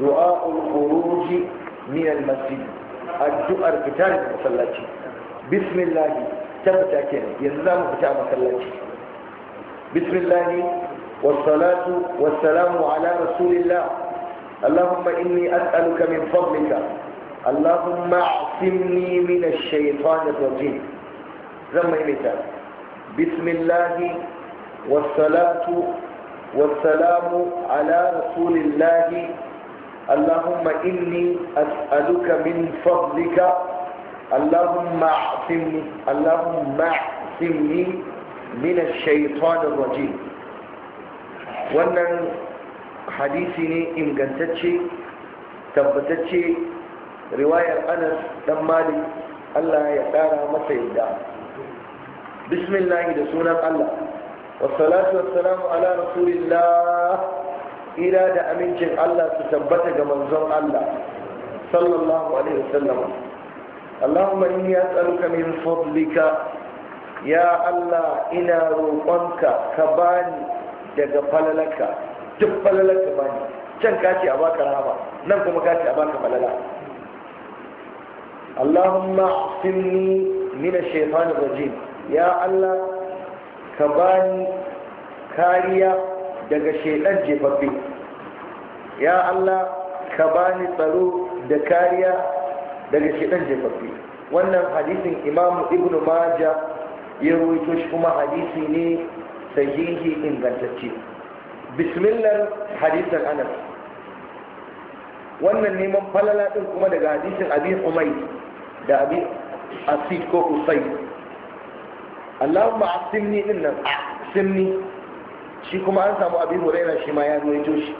دعاء الخروج من المسجد الدعاء بتاعي من بسم الله تبتا كنا ينزام بتاع مسلاتي بسم الله والصلاة والسلام على رسول الله اللهم إني أسألك من فضلك اللهم اعصمني من الشيطان الرجيم زم إمتا بسم الله والصلاة والسلام على رسول الله اللهم إني أسألك من فضلك اللهم اعصمني اللهم اعصمني من الشيطان الرجيم wannan hadisi ne ingantacce tabbatacce riwayar anas dan malik Allah ya ƙara masa yadda bismillahi da sunan Allah wassalatu wassalamu ala rasulillah tsira da amincin Allah su tabbata ga manzon Allah sallallahu alaihi wasallam inni as'aluka min fadlika Ya Allah ina roƙonka ka bani daga falalaka Duk falalaka bani. can kace a baka rahama nan kuma kace a baka falala Allahumma sinni min ash-shaytanir rajim ya Allah ka bani kariya daga shaidan jefaffe ya Allah ka bani tsaro da kariya daga shaidan jefaffe wannan hadisin imamu ibn majah ya ruwaito shi kuma hadisi ne sahihi ingantacce bismillah hadisin anas wannan neman falala din kuma daga hadisin abi umay da abi asid ko usay Allahumma asimni din nan shi kuma an samu abin hurairar shi ma ya ruwaito shi